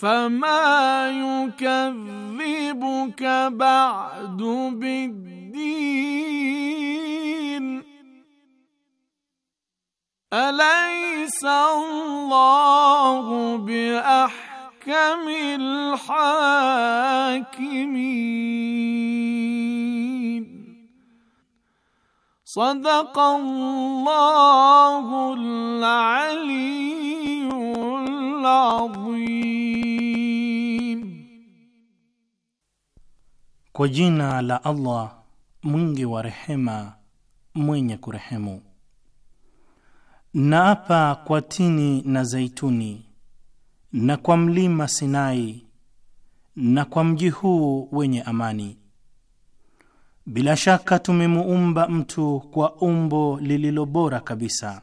فما يكذبك بعد بالدين أليس الله بأحكم الحاكمين صدق الله العليم العظيم Kwa jina la Allah mwingi wa rehema mwenye kurehemu. Naapa kwa tini na zaituni na kwa mlima Sinai na kwa mji huu wenye amani. Bila shaka tumemuumba mtu kwa umbo lililo bora kabisa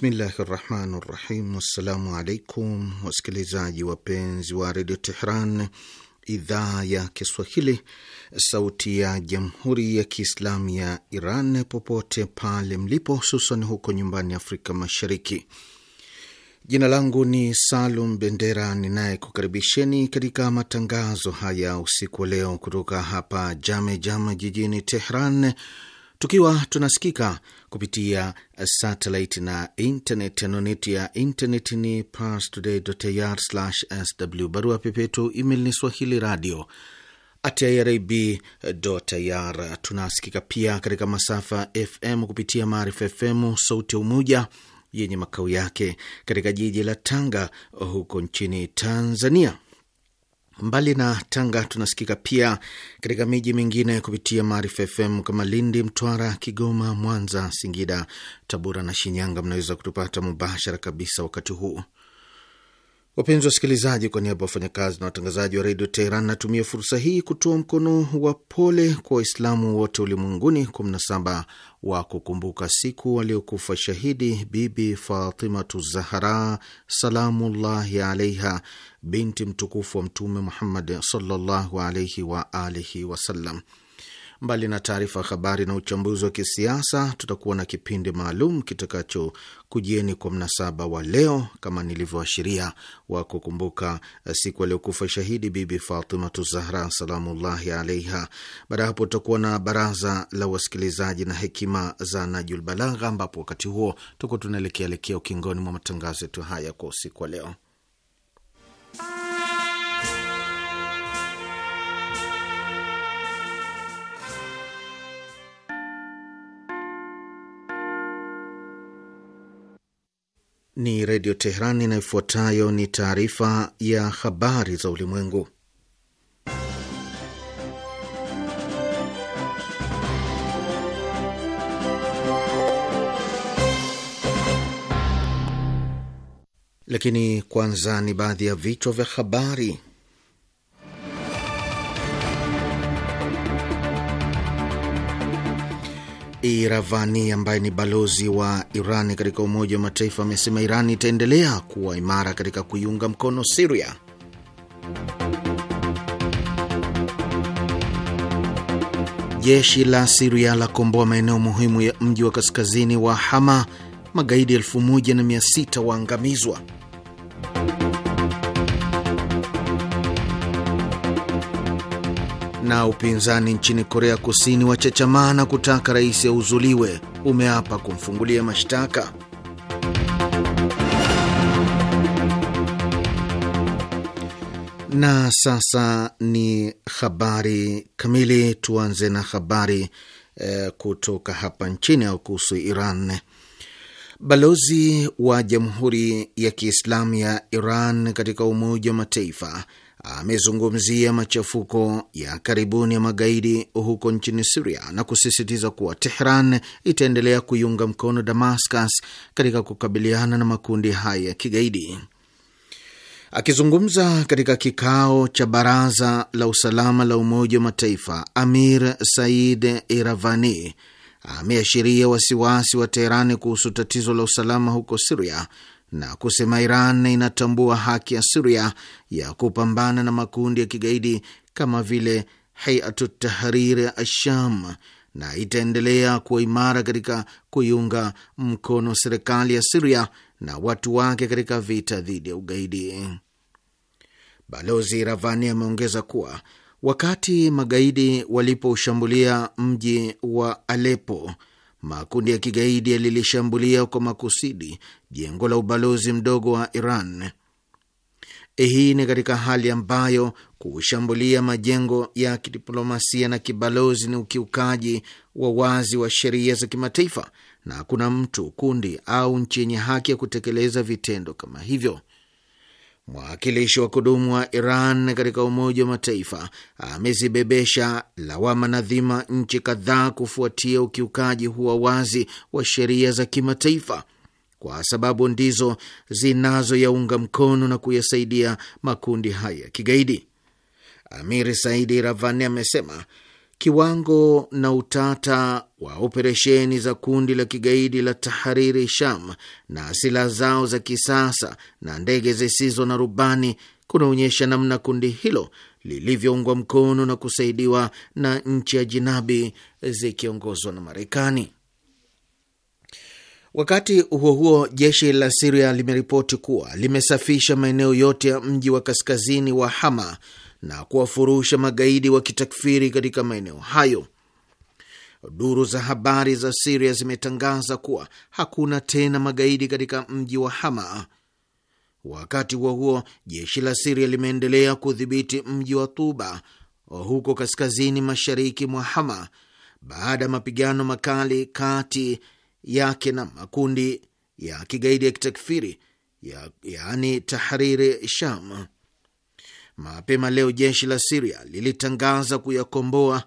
Bismillahi rahmani rahim. Wassalamu alaikum wasikilizaji wapenzi wa redio Tehran, idhaa ya Kiswahili, sauti ya jamhuri ya kiislamu ya Iran, popote pale mlipo, hususan huko nyumbani Afrika Mashariki. Jina langu ni Salum Bendera ninayekukaribisheni katika matangazo haya usiku wa leo kutoka hapa Jame Jame jijini Tehran tukiwa tunasikika kupitia satellite na internet. Anoneti ya internet ni parstoday.ir/sw. Barua pepetu email ni swahili radio irib.ir. Tunasikika pia katika masafa FM kupitia Maarifa FM sauti ya Umoja yenye makao yake katika jiji la Tanga huko nchini Tanzania. Mbali na Tanga, tunasikika pia katika miji mingine kupitia Maarifa FM kama Lindi, Mtwara, Kigoma, Mwanza, Singida, Tabora na Shinyanga. Mnaweza kutupata mubashara kabisa wakati huu Wapenzi wa wasikilizaji, kwa niaba ya wafanyakazi na watangazaji wa redio Teheran, natumia fursa hii kutoa mkono wa pole kwa Waislamu wote ulimwenguni kwa mnasaba wa kukumbuka siku waliokufa shahidi Bibi Fatimatu Zahara salamullahi alaiha, binti mtukufu wa Mtume Muhammad sallallahu alaihi wa alihi wasallam. Mbali na taarifa habari na uchambuzi wa kisiasa, tutakuwa na kipindi maalum kitakacho kujieni kwa mnasaba wa leo kama nilivyoashiria wa kukumbuka eh, siku aliyokufa shahidi Bibi Fatimatu Zahra salamullahi alaiha. Baada ya hapo, tutakuwa na baraza la wasikilizaji na hekima za Najul Balagha, ambapo wakati huo tuko tunaelekea elekea ukingoni mwa matangazo yetu haya kwa usiku wa leo. ni Redio Teherani, na ifuatayo ni taarifa ya habari za ulimwengu. Lakini kwanza ni baadhi ya vichwa vya habari. Iravani ambaye ni balozi wa Iran katika Umoja wa Mataifa amesema Iran itaendelea kuwa imara katika kuiunga mkono Siria. Jeshi la Siria la komboa maeneo muhimu ya mji wa kaskazini wa Hama, magaidi 1600 waangamizwa. Na upinzani nchini Korea Kusini wachachamana kutaka rais auzuliwe, umeapa kumfungulia mashtaka. Na sasa ni habari kamili. Tuanze na habari eh, kutoka hapa nchini au kuhusu Iran. Balozi wa Jamhuri ya Kiislamu ya Iran katika Umoja wa Mataifa amezungumzia machafuko ya karibuni ya magaidi huko nchini Siria na kusisitiza kuwa Tehran itaendelea kuiunga mkono Damascus katika kukabiliana na makundi haya ya kigaidi. Akizungumza katika kikao cha Baraza la Usalama la Umoja wa Mataifa, Amir Said Iravani ameashiria wasiwasi wa Teherani kuhusu tatizo la usalama huko Siria na kusema Iran inatambua haki ya Siria ya kupambana na makundi ya kigaidi kama vile Haiatu Tahrir ya Asham na itaendelea kuwa imara katika kuiunga mkono serikali ya Siria na watu wake katika vita dhidi ya ugaidi. Balozi Ravani ameongeza kuwa wakati magaidi waliposhambulia mji wa Alepo makundi ya kigaidi yalilishambulia kwa makusudi jengo la ubalozi mdogo wa Iran. Eh, hii ni katika hali ambayo kushambulia majengo ya kidiplomasia na kibalozi ni ukiukaji wa wazi wa sheria za kimataifa na hakuna mtu, kundi au nchi yenye haki ya kutekeleza vitendo kama hivyo mwakilishi wa kudumu wa Iran katika Umoja wa Mataifa amezibebesha lawama na dhima nchi kadhaa kufuatia ukiukaji huwa wazi wa sheria za kimataifa kwa sababu ndizo zinazoyaunga mkono na kuyasaidia makundi haya ya kigaidi. Amir Saidi Ravani amesema kiwango na utata wa operesheni za kundi la kigaidi la Tahariri Sham na silaha zao za kisasa na ndege zisizo na rubani kunaonyesha namna kundi hilo lilivyoungwa mkono na kusaidiwa na nchi ya jinabi zikiongozwa na Marekani. Wakati huo huo, jeshi la Siria limeripoti kuwa limesafisha maeneo yote ya mji wa kaskazini wa Hama na kuwafurusha magaidi wa kitakfiri katika maeneo hayo. Duru za habari za Siria zimetangaza kuwa hakuna tena magaidi katika mji wa Hama. Wakati huo huo, jeshi la Siria limeendelea kudhibiti mji wa Tuba huko kaskazini mashariki mwa Hama baada ya mapigano makali kati yake na makundi ya kigaidi ya kitakfiri ya, yaani Tahriri Sham. Mapema leo jeshi la Siria lilitangaza kuyakomboa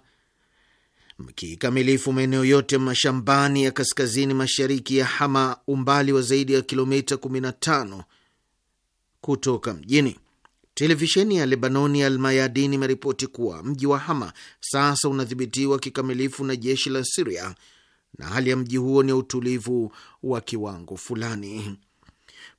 kikamilifu maeneo yote mashambani ya kaskazini mashariki ya Hama, umbali wa zaidi ya kilomita 15 kutoka mjini. Televisheni ya Lebanoni ya Almayadin imeripoti kuwa mji wa Hama sasa unadhibitiwa kikamilifu na jeshi la Siria na hali ya mji huo ni utulivu wa kiwango fulani.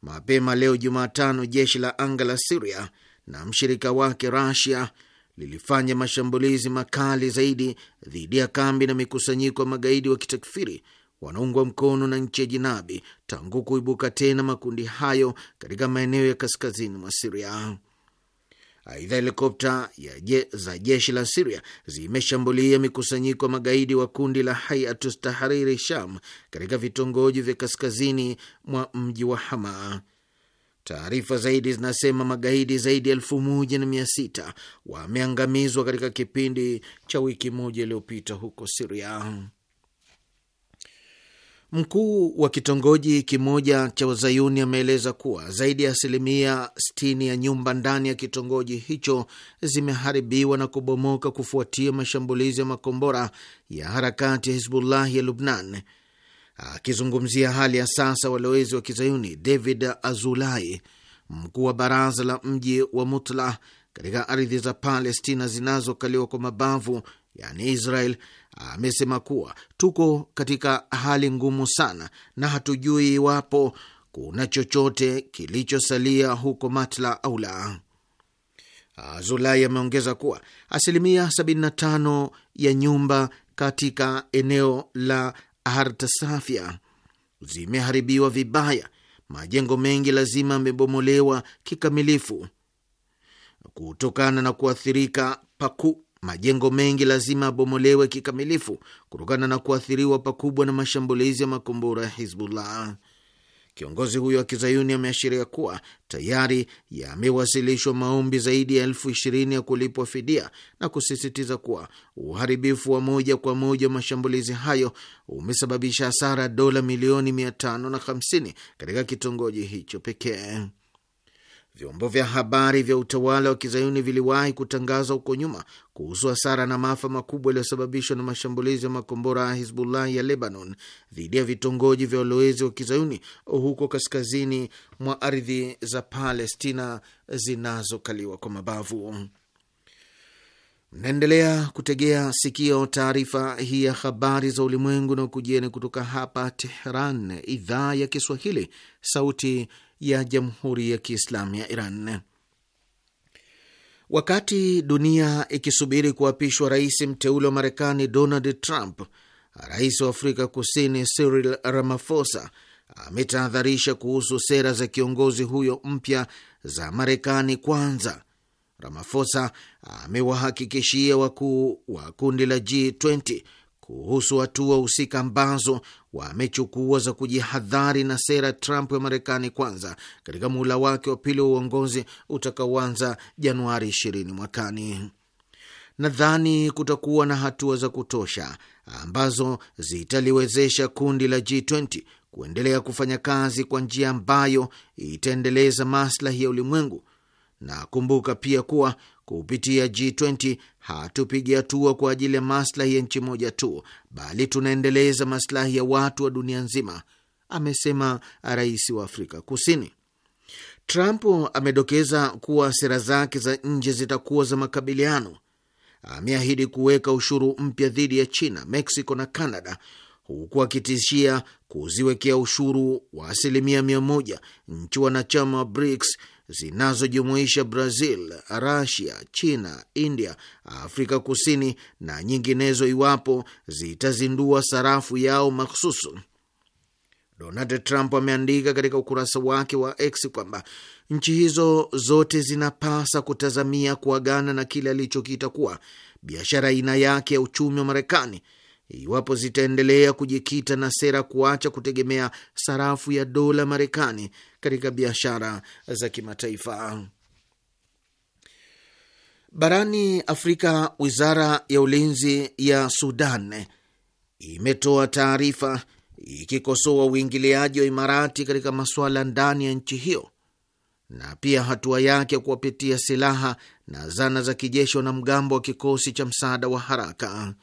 Mapema leo Jumatano, jeshi la anga la Siria na mshirika wake Rasia lilifanya mashambulizi makali zaidi dhidi ya kambi na mikusanyiko ya magaidi wa kitakfiri wanaungwa mkono na nchi ya jinabi tangu kuibuka tena makundi hayo katika maeneo ya kaskazini mwa Siria. Aidha, helikopta je, za jeshi la Siria zimeshambulia mikusanyiko ya magaidi wa kundi la Hayatu Tahariri Sham katika vitongoji vya kaskazini mwa mji wa Hama. Taarifa zaidi zinasema magaidi zaidi ya elfu moja na mia sita wameangamizwa katika kipindi cha wiki moja iliyopita huko Siria. Mkuu wa kitongoji kimoja cha wazayuni ameeleza kuwa zaidi ya asilimia 60 ya nyumba ndani ya kitongoji hicho zimeharibiwa na kubomoka kufuatia mashambulizi ya makombora ya harakati ya Hizbullahi ya Lubnan Akizungumzia hali ya sasa walowezi wa kizayuni, David Azulai, mkuu wa baraza la mji wa Mutla katika ardhi za Palestina zinazokaliwa kwa mabavu, yani Israel, amesema kuwa tuko katika hali ngumu sana na hatujui iwapo kuna chochote kilichosalia huko Matla au la. Azulai ameongeza kuwa asilimia 75 ya nyumba katika eneo la Artasafia zimeharibiwa vibaya, majengo mengi lazima yamebomolewa kikamilifu kutokana na kuathirika paku majengo mengi lazima yabomolewe kikamilifu kutokana na kuathiriwa pakubwa na mashambulizi ya makombora ya Hizbullah. Kiongozi huyo wa kizayuni ameashiria kuwa tayari yamewasilishwa maombi zaidi ya elfu ishirini ya kulipwa fidia na kusisitiza kuwa uharibifu wa moja kwa moja wa mashambulizi hayo umesababisha hasara dola milioni mia tano na hamsini katika kitongoji hicho pekee. Vyombo vya habari vya utawala wa kizayuni viliwahi kutangaza huko nyuma kuhusu hasara na maafa makubwa yaliyosababishwa na mashambulizi ya makombora ya Hizbullah ya Lebanon dhidi ya vitongoji vya walowezi wa kizayuni huko kaskazini mwa ardhi za Palestina zinazokaliwa kwa mabavu. Mnaendelea kutegea sikio taarifa hii ya habari za ulimwengu na ukujieni kutoka hapa Tehran, idhaa ya Kiswahili, sauti ya Jamhuri ya Kiislamu ya Iran. Wakati dunia ikisubiri kuapishwa rais mteule wa Marekani Donald Trump, rais wa Afrika Kusini Cyril Ramaphosa ametahadharisha kuhusu sera za kiongozi huyo mpya za Marekani Kwanza. Ramaphosa amewahakikishia wakuu wa kundi la G20 kuhusu hatua husika ambazo wamechukua za kujihadhari na sera Trump ya Marekani kwanza katika muhula wake wa pili wa uongozi utakaoanza Januari 20 mwakani. Nadhani kutakuwa na hatua za kutosha ambazo zitaliwezesha kundi la G20 kuendelea kufanya kazi kwa njia ambayo itaendeleza maslahi ya ulimwengu. Na kumbuka pia kuwa kupitia G20 hatupigi hatua kwa ajili ya maslahi ya nchi moja tu, bali tunaendeleza maslahi ya watu wa dunia nzima, amesema rais wa Afrika Kusini. Trump amedokeza kuwa sera zake za nje zitakuwa za makabiliano. Ameahidi kuweka ushuru mpya dhidi ya China, Mexico na Canada, huku akitishia kuziwekea ushuru wa asilimia mia moja nchi wanachama wa BRICS zinazojumuisha Brazil, Rasia, China, India, Afrika Kusini na nyinginezo iwapo zitazindua sarafu yao makhususu. Donald Trump ameandika katika ukurasa wake wa X kwamba nchi hizo zote zinapasa kutazamia kuagana na kile alichokiita kuwa biashara aina yake ya uchumi wa Marekani iwapo zitaendelea kujikita na sera kuacha kutegemea sarafu ya dola Marekani katika biashara za kimataifa. Barani Afrika, wizara ya ulinzi ya Sudan imetoa taarifa ikikosoa uingiliaji wa Imarati katika masuala ndani ya nchi hiyo na pia hatua yake ya kuwapitia silaha na zana za kijeshi wanamgambo wa kikosi cha msaada wa haraka.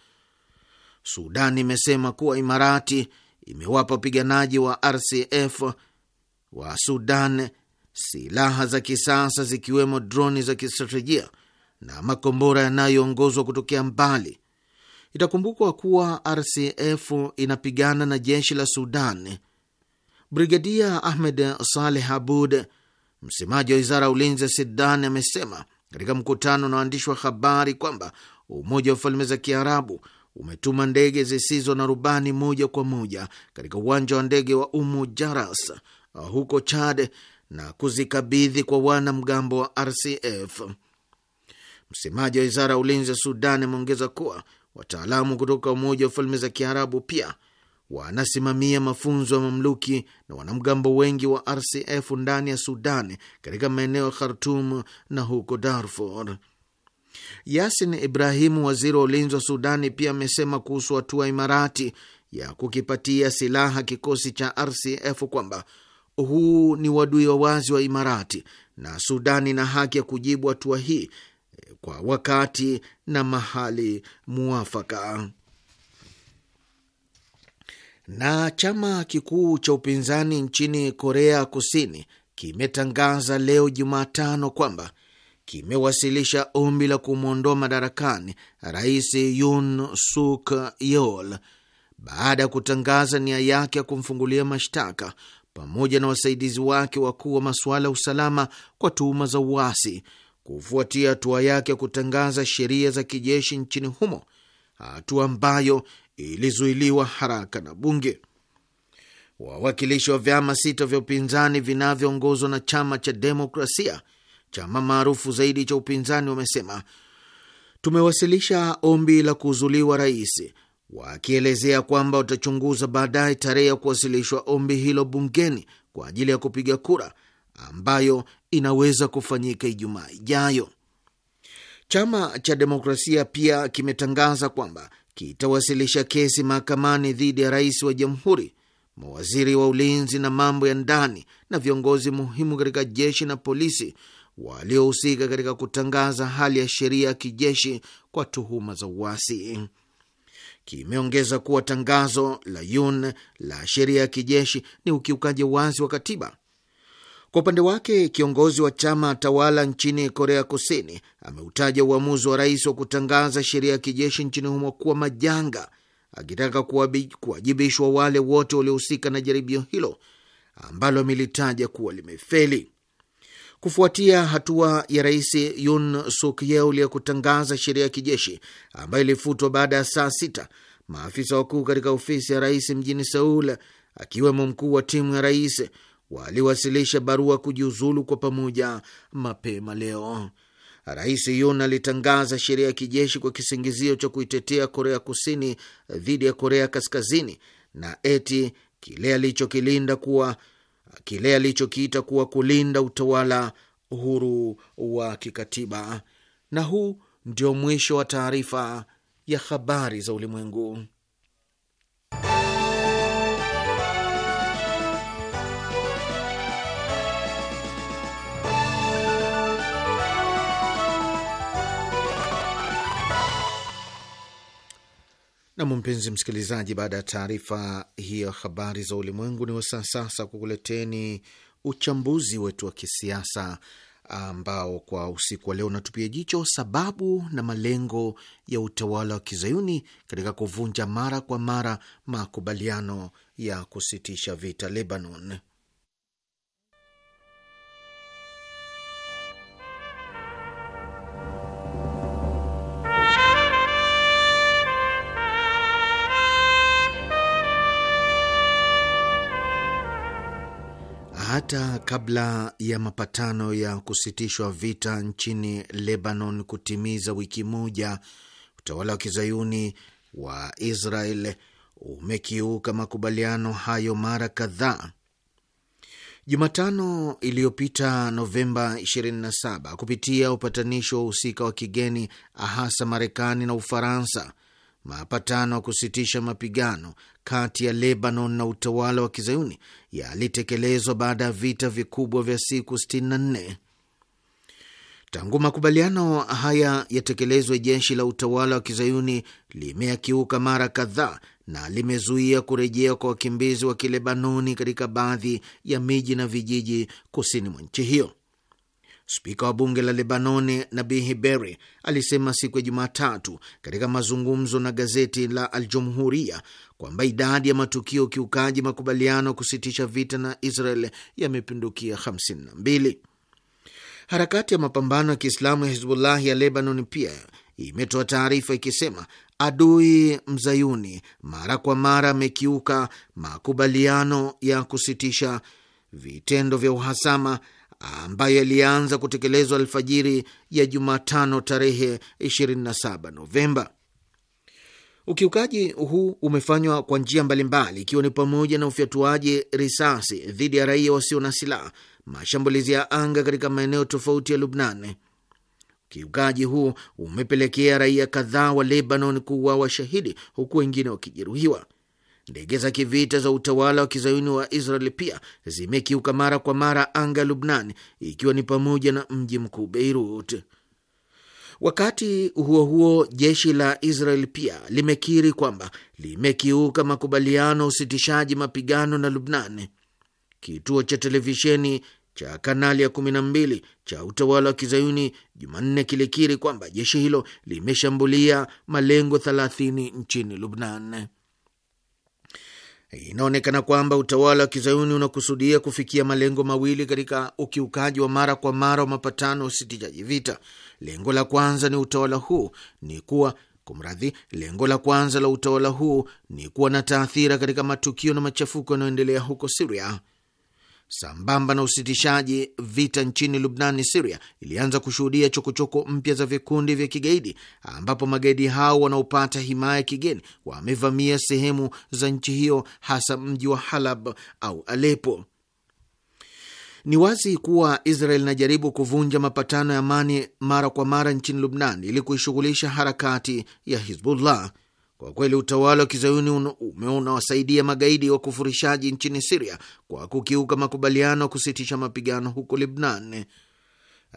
Sudan imesema kuwa Imarati imewapa wapiganaji wa RCF wa Sudan silaha za kisasa zikiwemo droni za kistratejia na makombora yanayoongozwa kutokea mbali. Itakumbukwa kuwa RCF inapigana na jeshi la Sudan. Brigadia Ahmed Saleh Abud, msemaji wa wizara ya ulinzi ya Sudan, amesema katika mkutano na waandishi wa habari kwamba Umoja wa Falme za Kiarabu umetuma ndege zisizo na rubani moja kwa moja katika uwanja wa ndege wa Umu Jaras uh, huko Chad na kuzikabidhi kwa wanamgambo wa RCF. Msemaji wa wizara ya ulinzi ya Sudan ameongeza kuwa wataalamu kutoka Umoja wa Falme za Kiarabu pia wanasimamia mafunzo ya mamluki na wanamgambo wengi wa RCF ndani ya Sudan katika maeneo ya Khartum na huko Darfur. Yasin Ibrahimu, waziri wa ulinzi wa Sudani, pia amesema kuhusu hatua Imarati ya kukipatia silaha kikosi cha RCF kwamba huu ni uadui wa wazi wa Imarati na Sudani ina haki ya kujibu hatua hii kwa wakati na mahali muafaka. Na chama kikuu cha upinzani nchini Korea Kusini kimetangaza leo Jumatano kwamba kimewasilisha ombi la kumwondoa madarakani Rais Yun Suk Yeol baada ya kutangaza nia yake ya kumfungulia mashtaka pamoja na wasaidizi wake wakuu wa masuala ya usalama kwa tuhuma za uasi kufuatia hatua yake ya kutangaza sheria za kijeshi nchini humo, hatua ambayo ilizuiliwa haraka na bunge. Wawakilishi wa vyama sita vya upinzani vinavyoongozwa na chama cha demokrasia chama maarufu zaidi cha upinzani, wamesema tumewasilisha ombi la kuuzuliwa rais, wakielezea kwamba watachunguza baadaye tarehe ya kuwasilishwa ombi hilo bungeni kwa ajili ya kupiga kura ambayo inaweza kufanyika Ijumaa ijayo. Chama cha Demokrasia pia kimetangaza kwamba kitawasilisha kesi mahakamani dhidi ya rais wa jamhuri, mawaziri wa ulinzi na mambo ya ndani na viongozi muhimu katika jeshi na polisi waliohusika katika kutangaza hali ya sheria ya kijeshi kwa tuhuma za uasi. Kimeongeza kuwa tangazo la Yun la sheria ya kijeshi ni ukiukaji wazi wa katiba. Kwa upande wake, kiongozi wa chama tawala nchini Korea Kusini ameutaja uamuzi wa rais wa kutangaza sheria ya kijeshi nchini humo kuwa majanga, akitaka kuwajibishwa wale wote waliohusika na jaribio hilo ambalo amelitaja kuwa limefeli kufuatia hatua ya Rais Yun Suk Yeol ya kutangaza sheria ya kijeshi ambayo ilifutwa baada ya saa sita. Maafisa wakuu katika ofisi ya rais mjini Seul, akiwemo mkuu wa timu ya rais, waliwasilisha barua kujiuzulu kwa pamoja mapema leo. Rais Yun alitangaza sheria ya kijeshi kwa kisingizio cha kuitetea Korea Kusini dhidi ya Korea Kaskazini na eti kile alichokilinda kuwa kile alichokiita kuwa kulinda utawala huru wa kikatiba. Na huu ndio mwisho wa taarifa ya habari za ulimwengu. Nam, mpenzi msikilizaji, baada ya taarifa hiyo habari za ulimwengu, ni wasaa sasa kukuleteni uchambuzi wetu wa kisiasa ambao kwa usiku wa leo unatupia jicho sababu na malengo ya utawala wa kizayuni katika kuvunja mara kwa mara makubaliano ya kusitisha vita Lebanon. Hata kabla ya mapatano ya kusitishwa vita nchini Lebanon kutimiza wiki moja, utawala wa kizayuni wa Israel umekiuka makubaliano hayo mara kadhaa. Jumatano iliyopita Novemba 27, kupitia upatanishi wa uhusika wa kigeni hasa Marekani na Ufaransa, mapatano ya kusitisha mapigano kati ya Lebanon na utawala wa kizayuni yalitekelezwa baada ya vita vikubwa vya siku 64. Tangu makubaliano haya yatekelezwe, jeshi la utawala wa kizayuni limeyakiuka mara kadhaa na limezuia kurejea kwa wakimbizi wa kilebanoni katika baadhi ya miji na vijiji kusini mwa nchi hiyo. Spika wa bunge la Lebanoni Nabihi Berri alisema siku ya Jumatatu katika mazungumzo na gazeti la Aljumhuria kwamba idadi ya matukio ukiukaji makubaliano kusitisha vita na Israel yamepindukia 52. Harakati ya mapambano ya Kiislamu ya Hizbullahi ya Lebanon pia imetoa taarifa ikisema adui mzayuni mara kwa mara amekiuka makubaliano ya kusitisha vitendo vya uhasama ambayo yalianza kutekelezwa alfajiri ya Jumatano tarehe 27 Novemba. Ukiukaji huu umefanywa kwa njia mbalimbali, ikiwa ni pamoja na ufyatuaji risasi dhidi ya raia wasio na silaha, mashambulizi ya anga katika maeneo tofauti ya Lubnan. Ukiukaji huu umepelekea raia kadhaa wa Lebanon kuuawa shahidi, huku wengine wakijeruhiwa. Ndege za kivita za utawala wa kizayuni wa Israel pia zimekiuka mara kwa mara anga ya Lubnan, ikiwa ni pamoja na mji mkuu Beirut. Wakati huo huo, jeshi la Israel pia limekiri kwamba limekiuka makubaliano ya usitishaji mapigano na Lubnan. Kituo cha televisheni cha kanali ya 12 cha utawala wa kizayuni Jumanne kilikiri kwamba jeshi hilo limeshambulia malengo 30 nchini Lubnan. Inaonekana kwamba utawala wa kizayuni unakusudia kufikia malengo mawili katika ukiukaji wa mara kwa mara wa mapatano ya usitishwaji vita. Lengo la kwanza ni utawala huu ni kuwa kumradhi, lengo la kwanza la utawala huu ni kuwa na taathira katika matukio na machafuko yanayoendelea huko Siria sambamba na usitishaji vita nchini Lubnani, Siria ilianza kushuhudia chokochoko mpya za vikundi vya kigaidi, ambapo magaidi hao wanaopata himaya ya kigeni wamevamia sehemu za nchi hiyo, hasa mji wa Halab au Alepo. Ni wazi kuwa Israel inajaribu kuvunja mapatano ya amani mara kwa mara nchini Lubnan ili kuishughulisha harakati ya Hizbullah. Kwa kweli utawala wa kizayuni wasaidia magaidi wa kufurishaji nchini Siria kwa kukiuka makubaliano ya kusitisha mapigano huko Lebnan.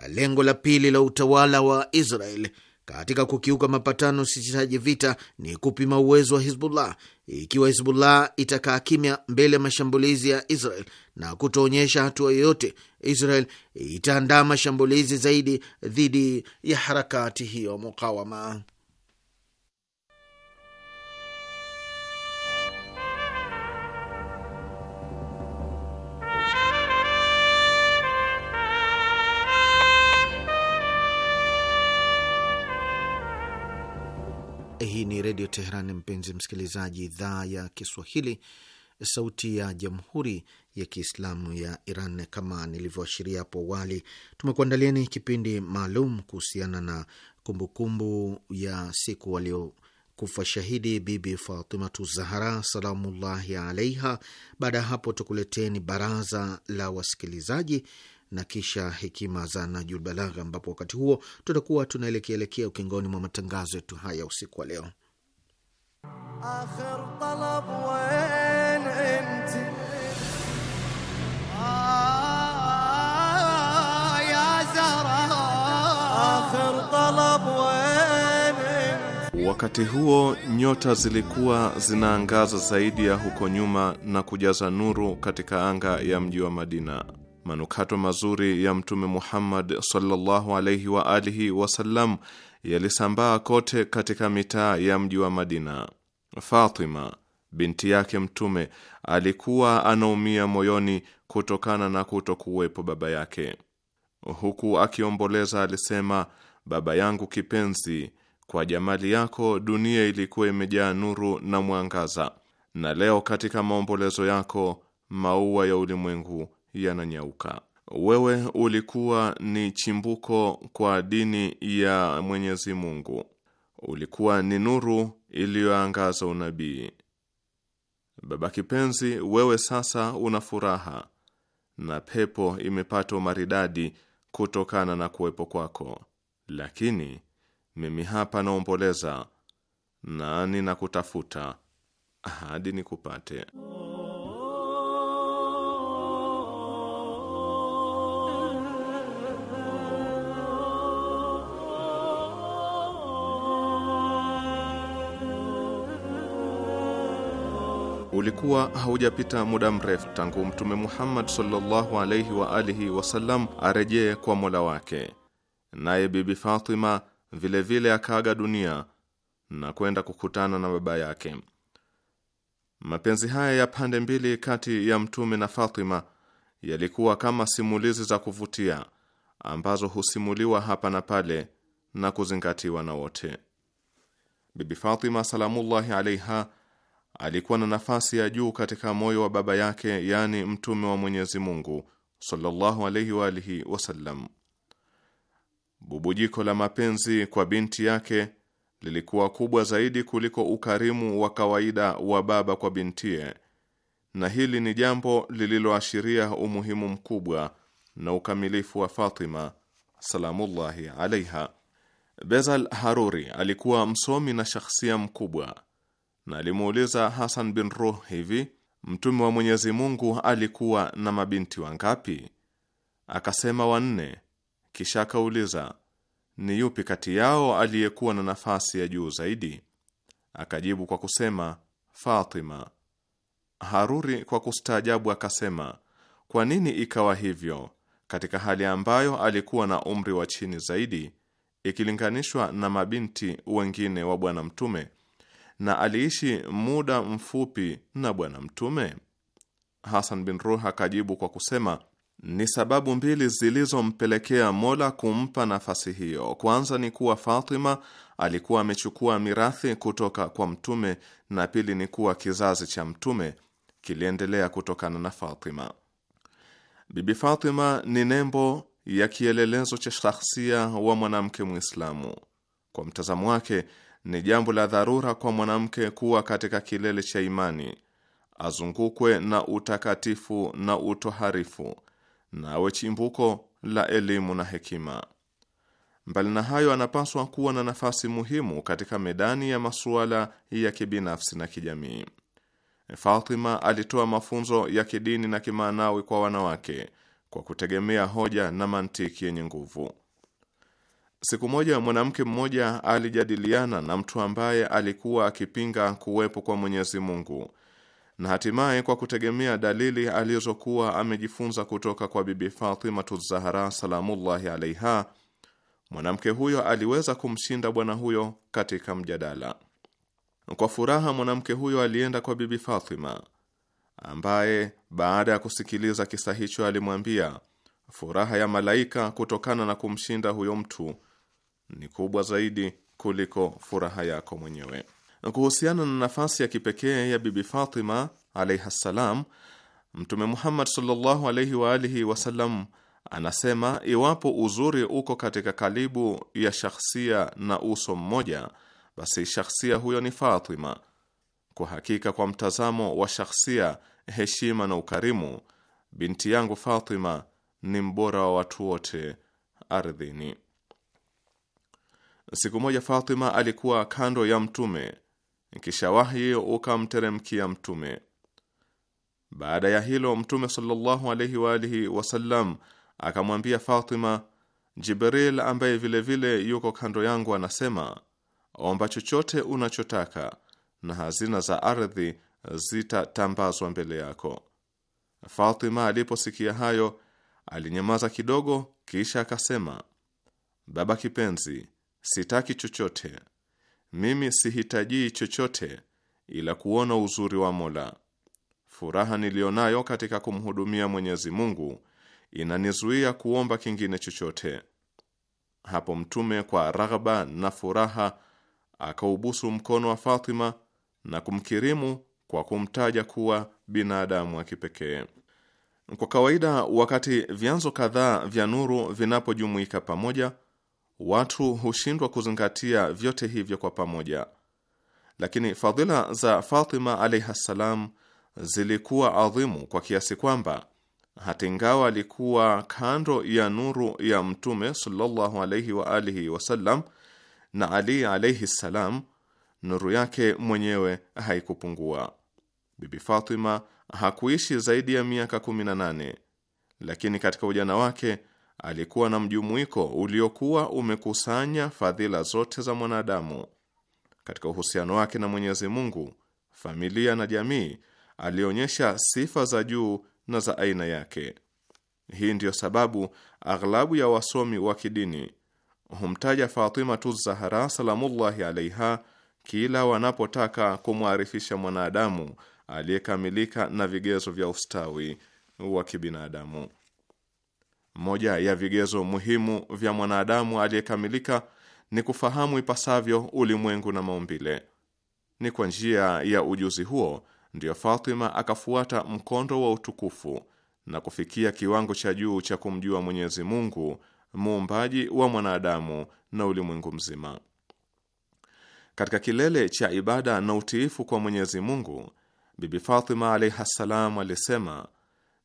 Lengo la pili la utawala wa Israel katika kukiuka mapatano ya usitishaji vita ni kupima uwezo wa Hizbullah. Ikiwa Hizbullah itakaa kimya mbele ya mashambulizi ya Israel na kutoonyesha hatua yoyote, Israel itaandaa mashambulizi zaidi dhidi ya harakati hiyo mukawama. Hii ni Redio Teheran, mpenzi msikilizaji, idhaa ya Kiswahili, sauti ya Jamhuri ya Kiislamu ya Iran. Kama nilivyoashiria hapo awali, tumekuandalieni kipindi maalum kuhusiana na kumbukumbu ya siku waliokufa shahidi Bibi Fatimatu Zahara salamullahi alaiha. Baada ya hapo, tukuleteni baraza la wasikilizaji na kisha hekima za Najul Balagha, ambapo wakati huo tutakuwa tunaelekeaelekea ukingoni mwa matangazo yetu haya usiku wa leo. Ah, wakati huo nyota zilikuwa zinaangaza zaidi ya huko nyuma na kujaza nuru katika anga ya mji wa Madina manukato mazuri ya Mtume Muhammad sallallahu alaihi wa alihi wasallam yalisambaa kote katika mitaa ya mji wa Madina. Fatima binti yake Mtume alikuwa anaumia moyoni kutokana na kutokuwepo baba yake. Huku akiomboleza alisema, baba yangu kipenzi, kwa jamali yako dunia ilikuwa imejaa nuru na mwangaza, na leo katika maombolezo yako maua ya ulimwengu yananyauka. Wewe ulikuwa ni chimbuko kwa dini ya Mwenyezi Mungu, ulikuwa ni nuru iliyoangaza unabii. Baba kipenzi, wewe sasa una furaha na pepo imepata umaridadi kutokana na kuwepo kwako, lakini mimi hapa naomboleza na ninakutafuta hadi nikupate. Ulikuwa haujapita muda mrefu tangu Mtume Muhammad sallallahu alaihi wa alihi wasallam arejee kwa Mola wake, naye Bibi Fatima vilevile vile akaaga dunia na kwenda kukutana na baba yake. Mapenzi haya ya pande mbili kati ya Mtume na Fatima yalikuwa kama simulizi za kuvutia ambazo husimuliwa hapa na pale na kuzingatiwa na wote. Bibi Fatima salamullahi alaiha alikuwa na nafasi ya juu katika moyo wa baba yake, yaani mtume wa Mwenyezi Mungu sallallahu alaihi wa alihi wasallam. Bubujiko la mapenzi kwa binti yake lilikuwa kubwa zaidi kuliko ukarimu wa kawaida wa baba kwa bintiye, na hili ni jambo lililoashiria umuhimu mkubwa na ukamilifu wa Fatima salamullahi alaiha. Bezal Haruri alikuwa msomi na shakhsia mkubwa na alimuuliza Hasan bin Ruh, hivi mtume wa Mwenyezi Mungu alikuwa na mabinti wangapi? Akasema wanne. Kisha akauliza ni yupi kati yao aliyekuwa na nafasi ya juu zaidi? Akajibu kwa kusema Fatima. Haruri kwa kustaajabu akasema, kwa nini ikawa hivyo katika hali ambayo alikuwa na umri wa chini zaidi ikilinganishwa na mabinti wengine wa Bwana Mtume na aliishi muda mfupi na Bwana Mtume? Hasan bin Ruh akajibu kwa kusema ni sababu mbili zilizompelekea Mola kumpa nafasi hiyo. Kwanza ni kuwa Fatima alikuwa amechukua mirathi kutoka kwa Mtume, na pili ni kuwa kizazi cha Mtume kiliendelea kutokana na Fatima. Bibi Fatima ni nembo ya kielelezo cha shakhsia wa mwanamke Mwislamu. Kwa mtazamo wake, ni jambo la dharura kwa mwanamke kuwa katika kilele cha imani, azungukwe na utakatifu na utoharifu, na awe chimbuko la elimu na hekima. Mbali na hayo, anapaswa kuwa na nafasi muhimu katika medani ya masuala ya kibinafsi na kijamii. Fatima alitoa mafunzo ya kidini na kimaanawi kwa wanawake kwa kutegemea hoja na mantiki yenye nguvu. Siku moja mwanamke mmoja alijadiliana na mtu ambaye alikuwa akipinga kuwepo kwa Mwenyezi Mungu, na hatimaye kwa kutegemea dalili alizokuwa amejifunza kutoka kwa Bibi Fatimatu Zahra salamullahi alaiha, mwanamke huyo aliweza kumshinda bwana huyo katika mjadala. Kwa furaha, mwanamke huyo alienda kwa Bibi Fatima ambaye baada ya kusikiliza kisa hicho alimwambia, furaha ya malaika kutokana na kumshinda huyo mtu ni kubwa zaidi kuliko furaha yako mwenyewe. Kuhusiana na nafasi ya kipekee ya Bibi Fatima alaihi ssalam, Mtume Muhammad sallallahu alaihi wa alihi wasallam anasema, iwapo uzuri uko katika kalibu ya shakhsia na uso mmoja, basi shakhsia huyo ni Fatima. Kwa hakika kwa mtazamo wa shakhsia, heshima na ukarimu, binti yangu Fatima ni mbora wa watu wote ardhini. Siku moja Fatima alikuwa kando ya Mtume, kisha wahi ukamteremkia Mtume. Baada ya hilo, Mtume sallallahu alaihi wa alihi wasallam akamwambia Fatima, Jibril ambaye vilevile vile yuko kando yangu anasema, omba chochote unachotaka na hazina za ardhi zitatambazwa mbele yako. Fatima aliposikia hayo alinyamaza kidogo, kisha akasema, baba kipenzi Sitaki chochote mimi, sihitajii chochote ila kuona uzuri wa Mola. Furaha niliyonayo katika kumhudumia Mwenyezi Mungu inanizuia kuomba kingine chochote. Hapo Mtume kwa raghaba na furaha akaubusu mkono wa Fatima na kumkirimu kwa kumtaja kuwa binadamu wa kipekee. Kwa kawaida, wakati vyanzo kadhaa vya nuru vinapojumuika pamoja watu hushindwa kuzingatia vyote hivyo kwa pamoja, lakini fadhila za Fatima alaihi ssalam zilikuwa adhimu kwa kiasi kwamba hata ingawa alikuwa kando ya nuru ya Mtume sallallahu alaihi wa alihi wasallam na Ali alaihi ssalam, nuru yake mwenyewe haikupungua. Bibi Fatima hakuishi zaidi ya miaka 18 lakini katika ujana wake alikuwa na mjumuiko uliokuwa umekusanya fadhila zote za mwanadamu. Katika uhusiano wake na Mwenyezi Mungu, familia na jamii, alionyesha sifa za juu na za aina yake. Hii ndiyo sababu aghlabu ya wasomi wa kidini humtaja Fatimatu Zahara salamullahi alaiha kila wanapotaka kumwarifisha mwanadamu aliyekamilika na vigezo vya ustawi wa kibinadamu. Moja ya vigezo muhimu vya mwanadamu aliyekamilika ni kufahamu ipasavyo ulimwengu na maumbile. Ni kwa njia ya ujuzi huo ndiyo Fatima akafuata mkondo wa utukufu na kufikia kiwango cha juu cha kumjua Mwenyezi Mungu muumbaji wa mwanadamu na ulimwengu mzima. Katika kilele cha ibada na utiifu kwa Mwenyezi Mungu, Bibi Fatima alayhi salam alisema,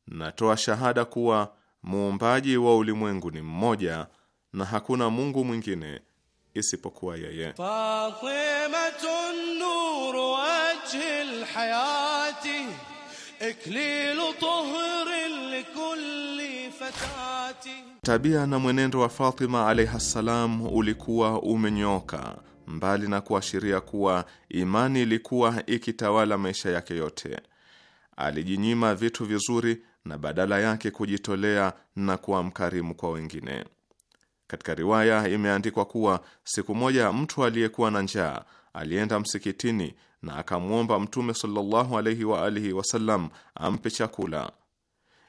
natoa shahada kuwa muumbaji wa ulimwengu ni mmoja na hakuna Mungu mwingine isipokuwa yeye. tabia na mwenendo wa Fatima alayha salam ulikuwa umenyoka mbali na kuashiria kuwa imani ilikuwa ikitawala maisha yake yote. Alijinyima vitu vizuri na badala yake kujitolea na kuwa mkarimu kwa wengine. Katika riwaya imeandikwa kuwa siku moja mtu aliyekuwa na njaa alienda msikitini na akamwomba Mtume sallallahu alaihi wa alihi wasallam ampe chakula.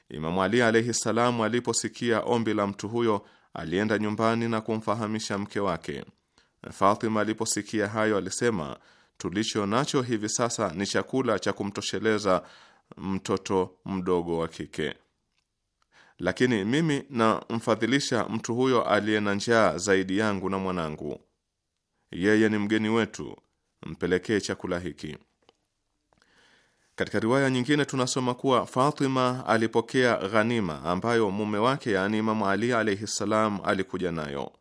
Imamu Ali alaihi salam aliposikia ombi la mtu huyo, alienda nyumbani na kumfahamisha mke wake. Fatima aliposikia hayo, alisema tulicho nacho hivi sasa ni chakula cha kumtosheleza mtoto mdogo wa kike, lakini mimi namfadhilisha mtu huyo aliye na njaa zaidi yangu na mwanangu. Yeye ni mgeni wetu, mpelekee chakula hiki. Katika riwaya nyingine tunasoma kuwa Fatima alipokea ghanima ambayo mume wake yaani Imamu Ali alaihi ssalam alikuja nayo.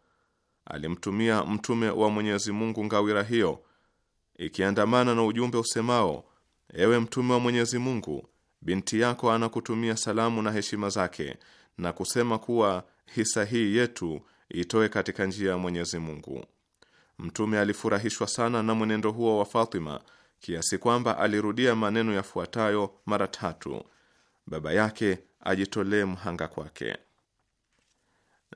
Alimtumia Mtume wa Mwenyezi Mungu ngawira hiyo ikiandamana na ujumbe usemao Ewe mtume wa Mwenyezi Mungu, binti yako anakutumia salamu na heshima zake na kusema kuwa hisa hii yetu itoe katika njia ya Mwenyezi Mungu. Mtume alifurahishwa sana na mwenendo huo wa Fatima kiasi kwamba alirudia maneno yafuatayo mara tatu: baba yake ajitolee mhanga kwake.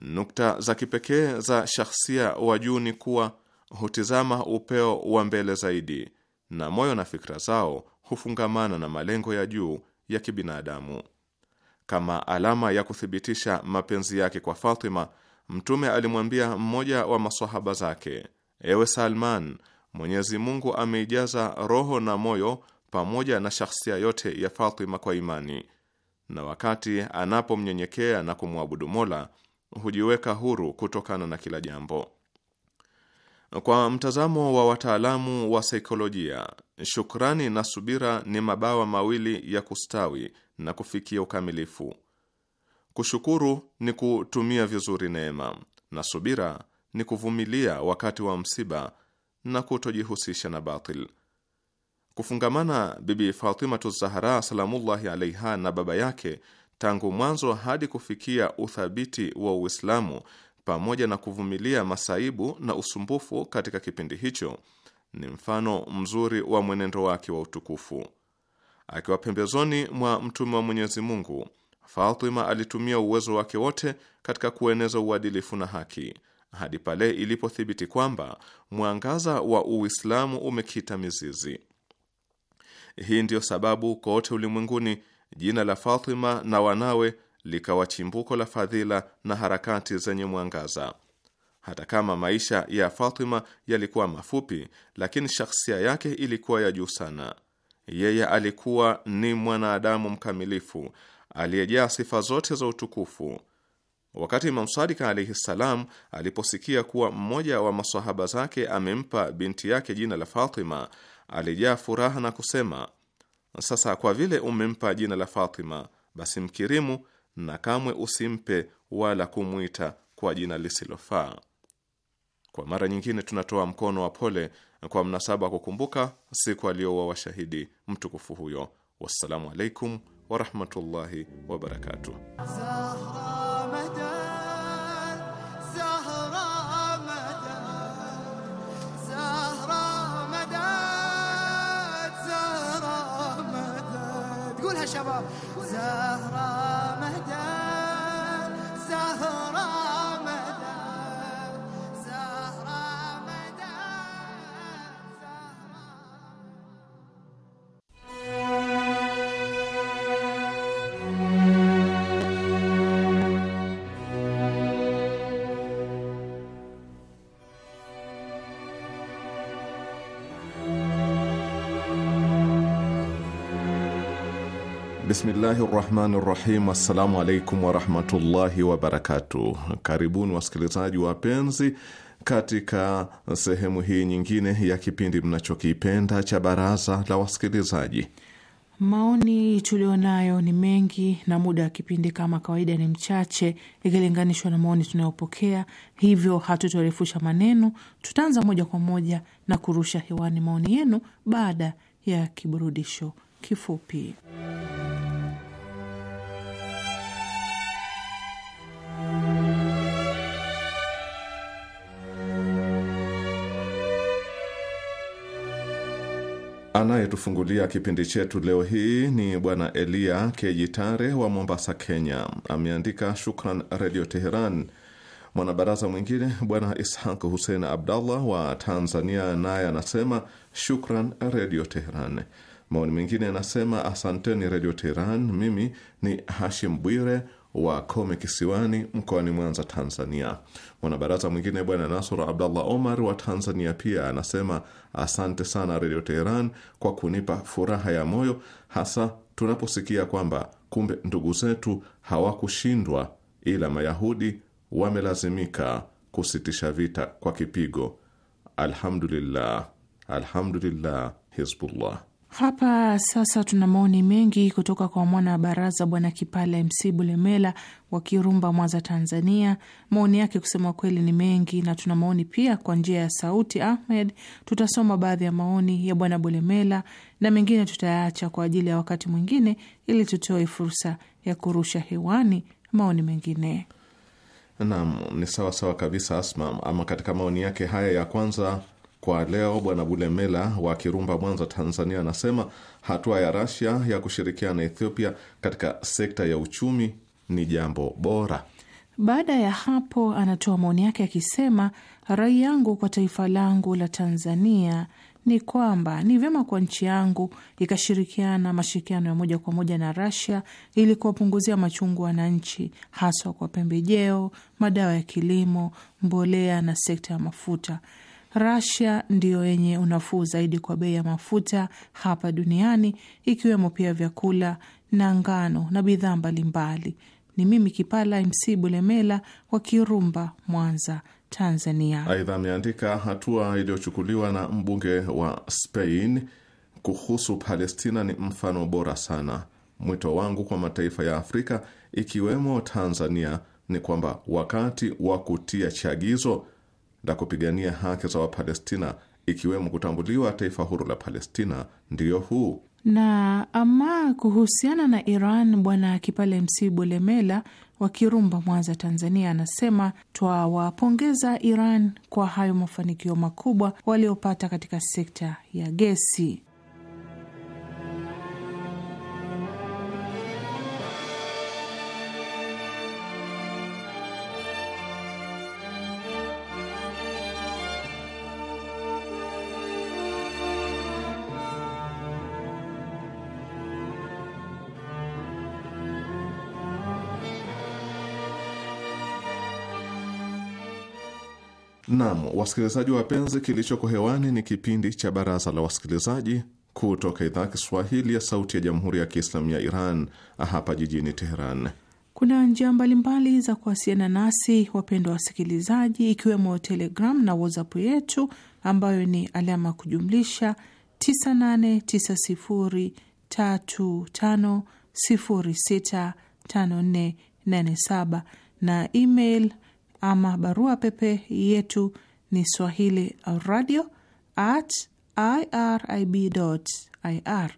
Nukta za kipekee za shahsia wa juu ni kuwa hutizama upeo wa mbele zaidi, na moyo na fikra zao hufungamana na malengo ya juu ya kibinadamu. Kama alama ya kuthibitisha mapenzi yake kwa Fatima, Mtume alimwambia mmoja wa maswahaba zake, ewe Salman, Mwenyezi Mungu ameijaza roho na moyo pamoja na shahsia yote ya Fatima kwa imani, na wakati anapomnyenyekea na kumwabudu Mola hujiweka huru kutokana na kila jambo. Kwa mtazamo wa wataalamu wa saikolojia, shukrani na subira ni mabawa mawili ya kustawi na kufikia ukamilifu. Kushukuru ni kutumia vizuri neema, na subira ni kuvumilia wakati wa msiba na kutojihusisha na batil. Kufungamana Bibi Fatimatu Zahra salamullahi alaiha na baba yake tangu mwanzo hadi kufikia uthabiti wa Uislamu pamoja na kuvumilia masaibu na usumbufu katika kipindi hicho ni mfano mzuri wa mwenendo wake wa utukufu. Akiwa pembezoni mwa mtume wa Mwenyezi Mungu, Fatima alitumia uwezo wake wote katika kueneza uadilifu na haki hadi pale ilipothibiti kwamba mwangaza wa Uislamu umekita mizizi. Hii ndiyo sababu kote ulimwenguni jina la Fatima na wanawe likawa chimbuko la fadhila na harakati zenye mwangaza. Hata kama maisha ya Fatima yalikuwa mafupi, lakini shakhsia yake ilikuwa ya juu sana. Yeye alikuwa ni mwanadamu mkamilifu aliyejaa sifa zote za utukufu. Wakati Imam Sadik alaihi ssalam aliposikia kuwa mmoja wa masahaba zake amempa binti yake jina la Fatima, alijaa furaha na kusema, sasa kwa vile umempa jina la Fatima, basi mkirimu na kamwe usimpe wala kumwita kwa jina lisilofaa. Kwa mara nyingine, tunatoa mkono wa pole kwa mnasaba wa kukumbuka siku aliyowa washahidi mtukufu huyo. Wassalamu alaikum warahmatullahi wabarakatuh. Bismillahi rahmani rahim. Assalamu alaikum warahmatullahi wabarakatuh. Karibuni wasikilizaji wapenzi katika sehemu hii nyingine ya kipindi mnachokipenda cha baraza la wasikilizaji. Maoni tulionayo ni mengi na muda wa kipindi kama kawaida ni mchache ikilinganishwa na maoni tunayopokea, hivyo hatutorefusha maneno. Tutaanza moja kwa moja na kurusha hewani maoni yenu baada ya kiburudisho kifupi. Anayetufungulia kipindi chetu leo hii ni Bwana Eliya Kejitare wa Mombasa, Kenya. Ameandika shukran Redio Teheran. Mwanabaraza mwingine Bwana Ishaq Hussein Abdallah wa Tanzania naye anasema shukran Redio Teheran. Maoni mengine yanasema asanteni Redio Teheran. Mimi ni Hashim Bwire wa Kome Kisiwani, mkoani Mwanza, Tanzania. Mwanabaraza mwingine Bwana Nasur Abdallah Omar wa Tanzania pia anasema asante sana Redio Teheran kwa kunipa furaha ya moyo, hasa tunaposikia kwamba kumbe ndugu zetu hawakushindwa, ila Mayahudi wamelazimika kusitisha vita kwa kipigo. Alhamdulillah, alhamdulillah, Hizbullah. Hapa sasa tuna maoni mengi kutoka kwa mwana wa baraza Bwana Kipala MC Bulemela wa Kirumba, Mwanza, Tanzania. Maoni yake kusema kweli ni mengi, na tuna maoni pia kwa njia ya sauti. Ahmed, tutasoma baadhi ya maoni ya Bwana Bulemela na mengine tutayaacha kwa ajili ya wakati mwingine, ili tutoe fursa ya kurusha hewani maoni mengine. Naam, ni sawa sawa kabisa Asma. Ama katika maoni yake haya ya kwanza kwa leo Bwana Bulemela wa Kirumba, Mwanza, Tanzania, anasema hatua ya Rasia ya kushirikiana na Ethiopia katika sekta ya uchumi ni jambo bora. Baada ya hapo, anatoa maoni yake akisema, rai yangu kwa taifa langu la Tanzania ni kwamba ni vyema kwa nchi yangu ikashirikiana mashirikiano ya moja kwa moja na Rasia ili kuwapunguzia machungu wananchi, haswa kwa pembejeo, madawa ya kilimo, mbolea na sekta ya mafuta. Rasia ndiyo yenye unafuu zaidi kwa bei ya mafuta hapa duniani, ikiwemo pia vyakula na ngano na bidhaa mbalimbali. Ni mimi Kipala MC Bulemela wa Kirumba, Mwanza, Tanzania. Aidha ameandika hatua iliyochukuliwa na mbunge wa Spain kuhusu Palestina ni mfano bora sana. Mwito wangu kwa mataifa ya Afrika ikiwemo Tanzania ni kwamba wakati wa kutia chagizo la kupigania haki za Wapalestina ikiwemo kutambuliwa taifa huru la Palestina ndiyo huu. Na ama kuhusiana na Iran, Bwana Kipale MC Bulemela wa Kirumba, Mwanza, Tanzania, anasema twawapongeza Iran kwa hayo mafanikio makubwa waliopata katika sekta ya gesi. Naam, wasikilizaji wapenzi, kilichoko hewani ni kipindi cha Baraza la Wasikilizaji kutoka idhaa ya Kiswahili ya Sauti ya Jamhuri ya Kiislamu ya Iran hapa jijini Teheran. Kuna njia mbalimbali za kuwasiliana nasi, wapendwa wasikilizaji, ikiwemo Telegram na WhatsApp yetu ambayo ni alama kujumlisha 989035065487 na email ama barua pepe yetu ni swahili radio at irib ir.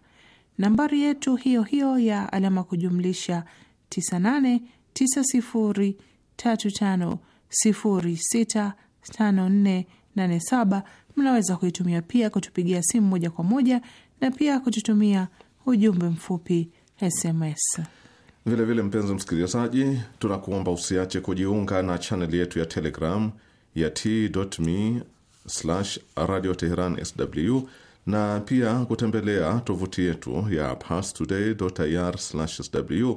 Nambari yetu hiyo hiyo ya alama kujumlisha 989035065487 mnaweza kuitumia pia kutupigia simu moja kwa moja na pia kututumia ujumbe mfupi SMS. Vilevile vile, mpenzi msikilizaji, tunakuomba usiache kujiunga na chaneli yetu ya Telegram ya t.me radio Teheran sw na pia kutembelea tovuti yetu ya parstoday.ir/sw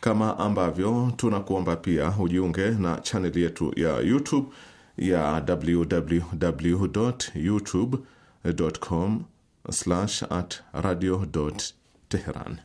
kama ambavyo tunakuomba pia ujiunge na chaneli yetu ya YouTube ya www.youtube.com/radioteheran.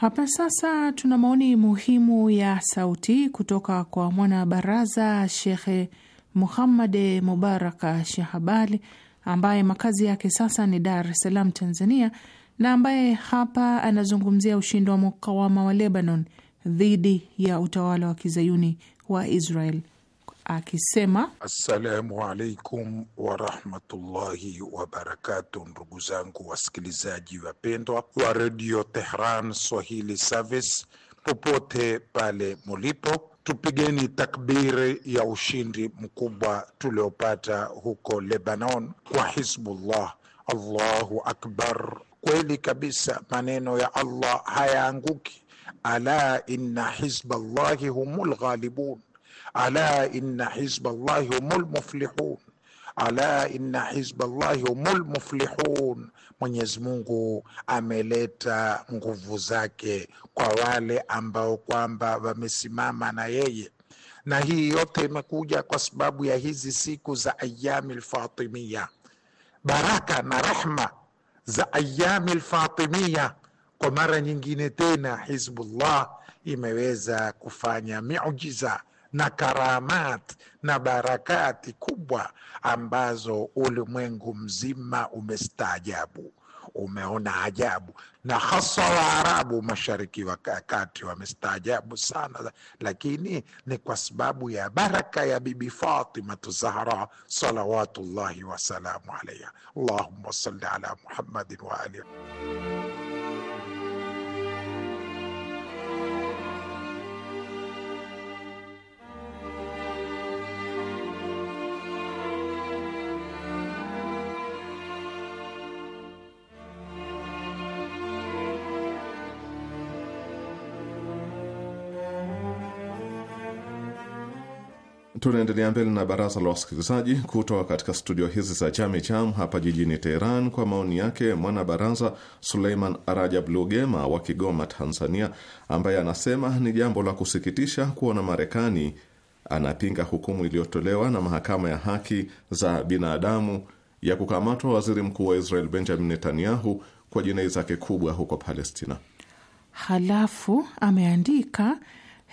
Hapa sasa tuna maoni muhimu ya sauti kutoka kwa mwanabaraza Shekhe Muhammad Mubaraka Shahabali ambaye makazi yake sasa ni Dar es Salaam, Tanzania, na ambaye hapa anazungumzia ushindi wa mukawama wa Lebanon dhidi ya utawala wa kizayuni wa Israel akisema assalamu alaikum warahmatullahi wabarakatu. Ndugu zangu wasikilizaji wapendwa wa redio Tehran Swahili Service, popote pale mulipo, tupigeni takbiri ya ushindi mkubwa tuliopata huko Lebanon kwa Hizbullah. Allahu akbar! Kweli kabisa, maneno ya Allah hayaanguki. Ala inna hizballahi humul ghalibun ala inna hizballahi humul muflihun, ala inna hizballahi humul muflihun. Mwenyezi Mungu ameleta nguvu zake kwa wale ambao kwamba wamesimama na yeye, na hii yote imekuja kwa sababu ya hizi siku za ayami lfatimia, baraka na rahma za ayami lfatimia. Kwa mara nyingine tena Hizbullah imeweza kufanya miujiza na karamat na barakati kubwa ambazo ulimwengu mzima umestaajabu umeona ajabu na hasa Waarabu mashariki wa kati wamestaajabu sana, lakini ni kwa sababu ya baraka ya Bibi Fatimatu Zahra salawatullahi wasalamu alaiha. Allahumma salli ala Muhammadin wa Tunaendelea mbele na baraza la wasikilizaji kutoka katika studio hizi za Jame Jam hapa jijini Teheran. Kwa maoni yake mwanabaraza Suleiman Rajab Lugema wa Kigoma, Tanzania, ambaye anasema ni jambo la kusikitisha kuona Marekani anapinga hukumu iliyotolewa na mahakama ya haki za binadamu ya kukamatwa waziri mkuu wa Israel Benjamin Netanyahu kwa jinai zake kubwa huko Palestina. Halafu ameandika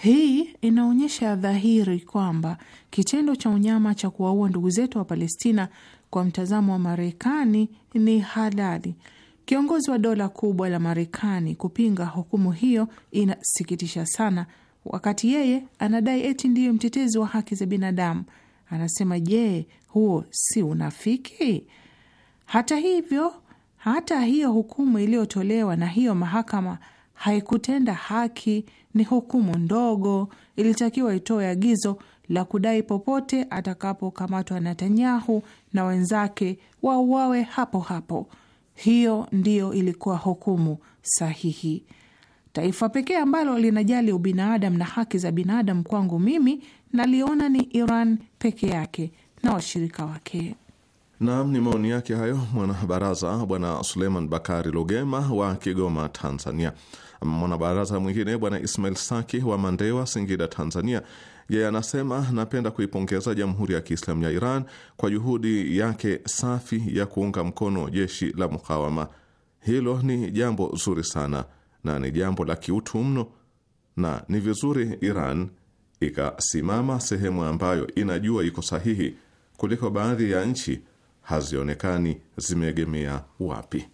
hii inaonyesha dhahiri kwamba kitendo cha unyama cha kuwaua ndugu zetu wa Palestina kwa mtazamo wa Marekani ni halali. Kiongozi wa dola kubwa la Marekani kupinga hukumu hiyo inasikitisha sana, wakati yeye anadai eti ndiye mtetezi wa haki za binadamu. Anasema, je, huo si unafiki? Hata hivyo, hata hiyo hukumu iliyotolewa na hiyo mahakama haikutenda haki, ni hukumu ndogo. Ilitakiwa itoe agizo la kudai popote atakapokamatwa Netanyahu na wenzake wauawe hapo hapo. Hiyo ndiyo ilikuwa hukumu sahihi. Taifa pekee ambalo linajali ubinadamu na haki za binadamu kwangu mimi naliona ni Iran peke yake na washirika wake. Naam, ni maoni yake hayo mwanabaraza Bwana Suleiman Bakari Lugema wa Kigoma, Tanzania. Mwanabaraza mwingine Bwana Ismail Saki wa Mandewa, Singida, Tanzania, yeye anasema napenda kuipongeza Jamhuri ya Kiislamu ya Iran kwa juhudi yake safi ya kuunga mkono jeshi la mukawama. Hilo ni jambo zuri sana na ni jambo la kiutu mno, na ni vizuri Iran ikasimama sehemu ambayo inajua iko sahihi kuliko baadhi ya nchi hazionekani zimeegemea wapi.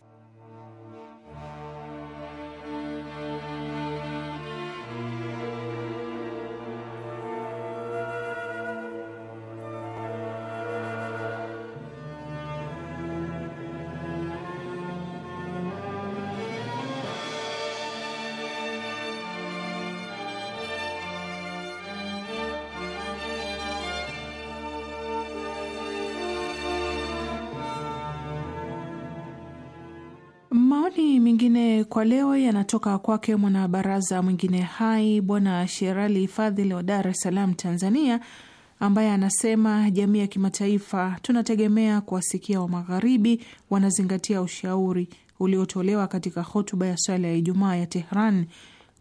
kwa leo yanatoka kwake mwanabaraza mwingine hai Bwana Sherali Fadhili wa Dar es Salaam, Tanzania, ambaye anasema jamii ya kimataifa tunategemea kuwasikia wa magharibi wanazingatia ushauri uliotolewa katika hotuba ya swala ya Ijumaa ya Tehran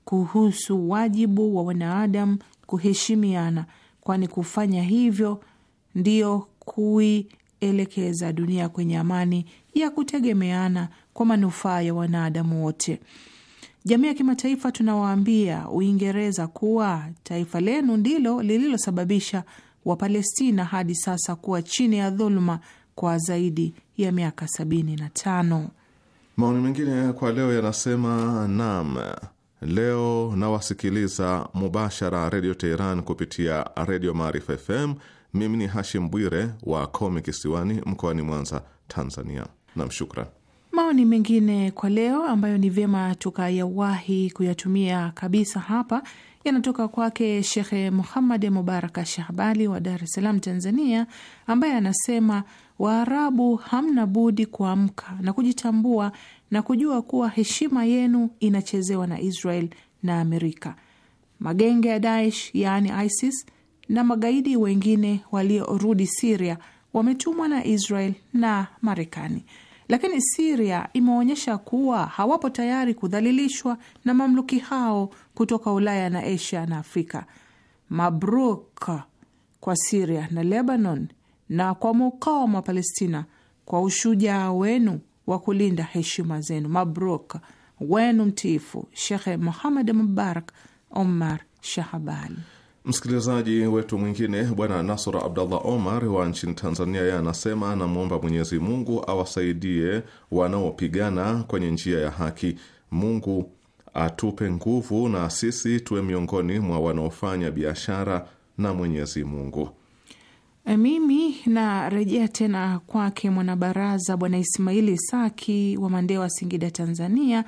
kuhusu wajibu wa wanadamu kuheshimiana, kwani kufanya hivyo ndiyo kui elekeza dunia kwenye amani ya kutegemeana kwa manufaa ya wanadamu wote. Jamii ya kimataifa, tunawaambia Uingereza kuwa taifa lenu ndilo lililosababisha Wapalestina hadi sasa kuwa chini ya dhuluma kwa zaidi ya miaka sabini na tano. Maoni mengine kwa leo yanasema nam leo nawasikiliza mubashara Redio Teheran kupitia Redio Maarifa FM mimi ni Hashim Bwire wa Kome Kisiwani, mkoani Mwanza, Tanzania. Namshukran. Maoni mengine kwa leo ambayo ni vyema tukayawahi kuyatumia kabisa hapa yanatoka kwake Shekhe Muhammad Mubaraka Shahbali wa Dar es Salaam, Tanzania, ambaye anasema Waarabu hamna budi kuamka na kujitambua na kujua kuwa heshima yenu inachezewa na Israel na Amerika. Magenge ya Daesh yaani ISIS na magaidi wengine waliorudi Siria wametumwa na Israel na Marekani, lakini Siria imeonyesha kuwa hawapo tayari kudhalilishwa na mamluki hao kutoka Ulaya na Asia na Afrika. Mabruk kwa Siria na Lebanon na kwa mukawama wa Palestina kwa ushujaa wenu wa kulinda heshima zenu. Mabruk wenu mtiifu Shekhe Muhammad Mubarak Omar Shahabani. Msikilizaji wetu mwingine Bwana Nasr Abdallah Omar wa nchini Tanzania, yeye anasema anamwomba Mwenyezi Mungu awasaidie wanaopigana kwenye njia ya haki. Mungu atupe nguvu na sisi tuwe miongoni mwa wanaofanya biashara na Mwenyezi Mungu. E, mimi narejea tena kwake mwanabaraza Bwana Ismaili Saki wa Mandewa, Singida, Tanzania,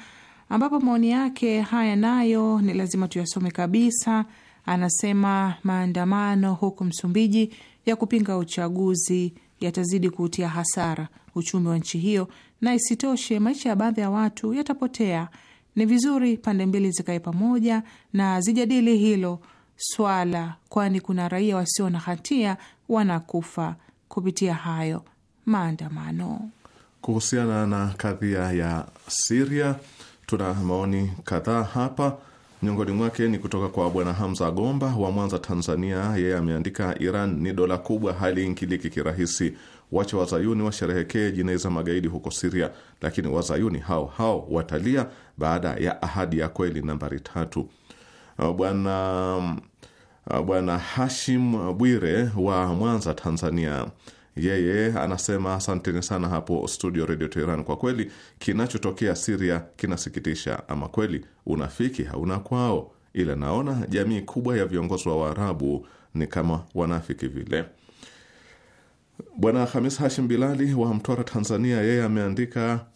ambapo maoni yake haya nayo ni lazima tuyasome kabisa anasema maandamano huko Msumbiji ya kupinga uchaguzi yatazidi kuutia hasara uchumi wa nchi hiyo, na isitoshe maisha ya baadhi ya watu yatapotea. Ni vizuri pande mbili zikae pamoja na zijadili hilo swala, kwani kuna raia wasio na hatia wanakufa kupitia hayo maandamano. Kuhusiana na kadhia ya Siria, tuna maoni kadhaa hapa. Miongoni mwake ni kutoka kwa Bwana Hamza Gomba wa Mwanza, Tanzania. Yeye ameandika, Iran ni dola kubwa, hali haliingiliki kirahisi. Wacha wazayuni washerehekee jinai za magaidi huko Siria, lakini wazayuni hao hao watalia baada ya ahadi ya kweli nambari tatu. Uh, Bwana uh, Bwana Hashim Bwire wa Mwanza, Tanzania yeye anasema asanteni sana hapo studio redio Teheran. Kwa kweli kinachotokea Siria kinasikitisha, ama kweli unafiki hauna kwao, ila naona jamii kubwa ya viongozi wa Waarabu ni kama wanafiki vile. Bwana Hamis Hashim Bilali wa Mtwara, Tanzania, yeye ameandika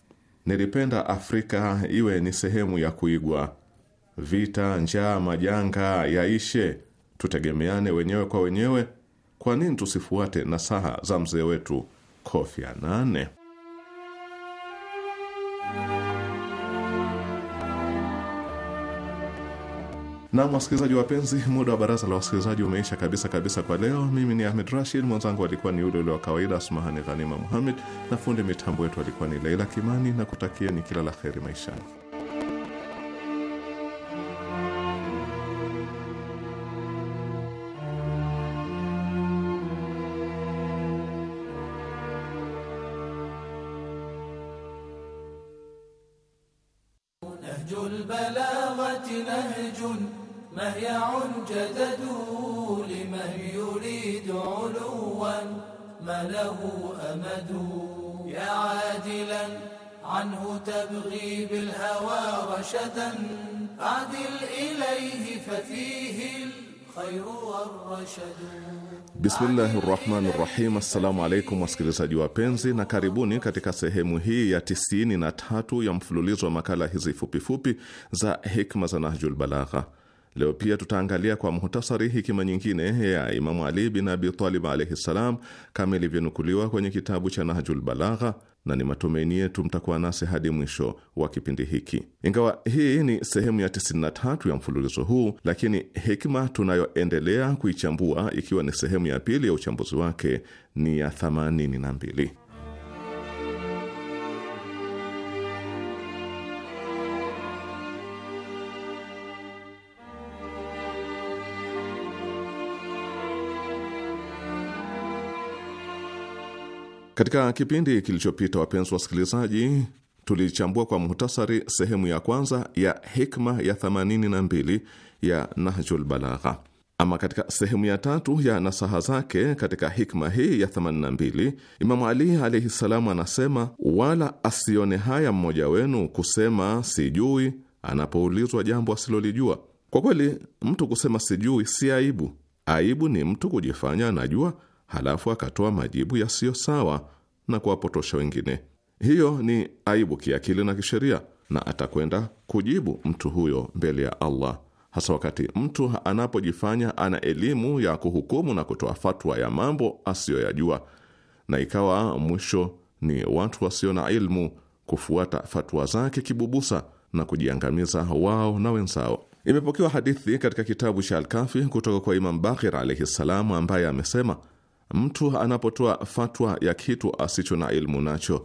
nilipenda Afrika iwe ni sehemu ya kuigwa. Vita, njaa, majanga yaishe, tutegemeane wenyewe kwa wenyewe kwa nini tusifuate nasaha za mzee wetu Kofi Annan? Na wasikilizaji wapenzi, muda wa baraza la wasikilizaji umeisha kabisa kabisa kwa leo. Mimi ni Ahmed Rashid, mwenzangu alikuwa ni yule ule wa kawaida Asmahani Ghanima muhammed na fundi mitambo wetu alikuwa ni Leila Kimani, na kutakieni kila la kheri maishani. له أمد يا عادلا عنه تبغي بالهوى رشدا أعدل إليه ففيه الخير والرشد Bismillahi rahmani rahim. Assalamu alaikum wasikilizaji wapenzi, na karibuni katika sehemu hii ya tisini na tatu ya mfululizo wa makala hizi fupifupi za hikma za Nahjul Balagha. Leo pia tutaangalia kwa muhtasari hikima nyingine ya Imamu Ali bin Abi Talib alaihi ssalam kama ilivyonukuliwa kwenye kitabu cha Nahjul Balagha, na ni matumaini yetu mtakuwa nasi hadi mwisho wa kipindi hiki. Ingawa hii ni sehemu ya 93 ya mfululizo huu, lakini hikma tunayoendelea kuichambua ikiwa ni sehemu ya pili ya uchambuzi wake ni ya 82. Katika kipindi kilichopita, wapenzi wasikilizaji, tulichambua kwa muhtasari sehemu ya kwanza ya hikma ya 82 ya Nahjul Balagha. Ama katika sehemu ya tatu ya nasaha zake katika hikma hii ya 82, Imamu Ali alaihi salamu anasema, wala asione haya mmoja wenu kusema sijui anapoulizwa jambo asilolijua. Kwa kweli mtu kusema sijui si aibu. Aibu ni mtu kujifanya anajua halafu akatoa majibu yasiyo sawa na kuwapotosha wengine. Hiyo ni aibu kiakili na kisheria, na atakwenda kujibu mtu huyo mbele ya Allah, hasa wakati mtu anapojifanya ana elimu ya kuhukumu na kutoa fatwa ya mambo asiyoyajua, na ikawa mwisho ni watu wasio na ilmu kufuata fatwa zake kibubusa na kujiangamiza wao na wenzao. Imepokewa hadithi katika kitabu cha Alkafi kutoka kwa Imam Bakir alaihi ssalam ambaye amesema Mtu anapotoa fatwa ya kitu asicho na ilmu nacho,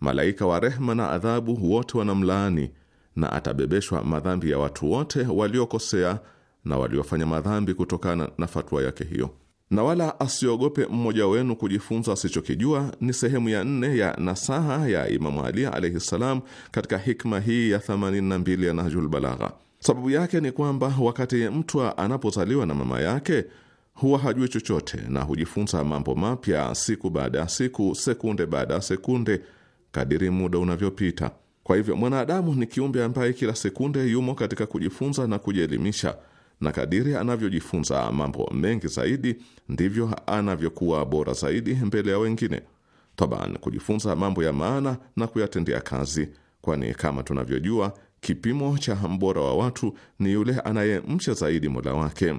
malaika wa rehma na adhabu wote wanamlaani na atabebeshwa madhambi ya watu wote waliokosea na waliofanya madhambi kutokana na fatwa yake hiyo. Na wala asiogope mmoja wenu kujifunza asichokijua. Ni sehemu ya nne ya nasaha ya Imamu Ali alaihi ssalam katika hikma hii ya 82 ya Nahjul Balagha. Sababu yake ni kwamba wakati mtu anapozaliwa na mama yake huwa hajui chochote na hujifunza mambo mapya siku baada ya siku, sekunde baada ya sekunde, kadiri muda unavyopita. Kwa hivyo, mwanadamu ni kiumbe ambaye kila sekunde yumo katika kujifunza na kujielimisha, na kadiri anavyojifunza mambo mengi zaidi, ndivyo anavyokuwa bora zaidi mbele ya wengine. Taban, kujifunza mambo ya maana na kuyatendea kazi, kwani kama tunavyojua, kipimo cha mbora wa watu ni yule anayemcha zaidi Mola wake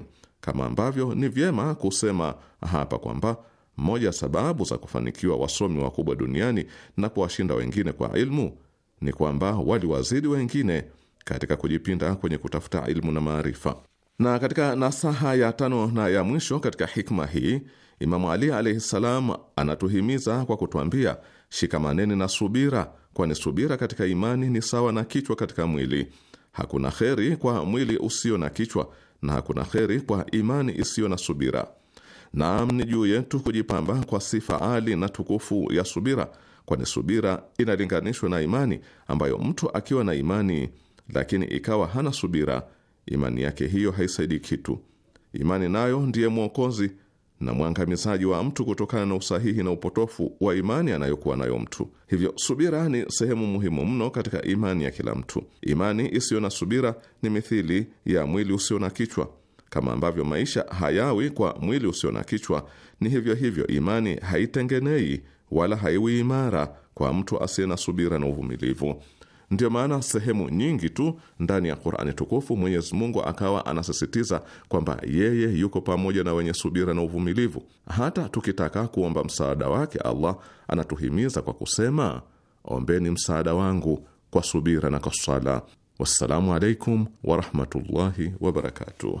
kama ambavyo ni vyema kusema hapa kwamba moja sababu za kufanikiwa wasomi wakubwa duniani na kuwashinda wengine kwa ilmu ni kwamba waliwazidi wengine katika kujipinda kwenye kutafuta ilmu na maarifa. Na katika nasaha ya tano na ya mwisho katika hikma hii, Imamu Ali alaihi ssalam anatuhimiza kwa kutuambia, shikamaneni na subira, kwani subira katika imani ni sawa na kichwa katika mwili. Hakuna kheri kwa mwili usio na kichwa, na hakuna kheri kwa imani isiyo na subira. Naam, ni juu yetu kujipamba kwa sifa ali na tukufu ya subira, kwani subira inalinganishwa na imani, ambayo mtu akiwa na imani lakini ikawa hana subira, imani yake hiyo haisaidi kitu. Imani nayo ndiye mwokozi na mwangamizaji wa mtu kutokana na usahihi na upotofu wa imani anayokuwa nayo mtu. Hivyo subira ni sehemu muhimu mno katika imani ya kila mtu. Imani isiyo na subira ni mithili ya mwili usio na kichwa. Kama ambavyo maisha hayawi kwa mwili usio na kichwa, ni hivyo hivyo imani haitengenei wala haiwi imara kwa mtu asiye na subira na uvumilivu. Ndiyo maana sehemu nyingi tu ndani ya Qur'ani tukufu Mwenyezi Mungu akawa anasisitiza kwamba yeye yuko pamoja na wenye subira na uvumilivu. Hata tukitaka kuomba msaada wake, Allah anatuhimiza kwa kusema, ombeni msaada wangu kwa subira na kwa sala. Wassalamu alaikum warahmatullahi wabarakatuh.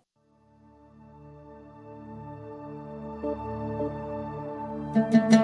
thank you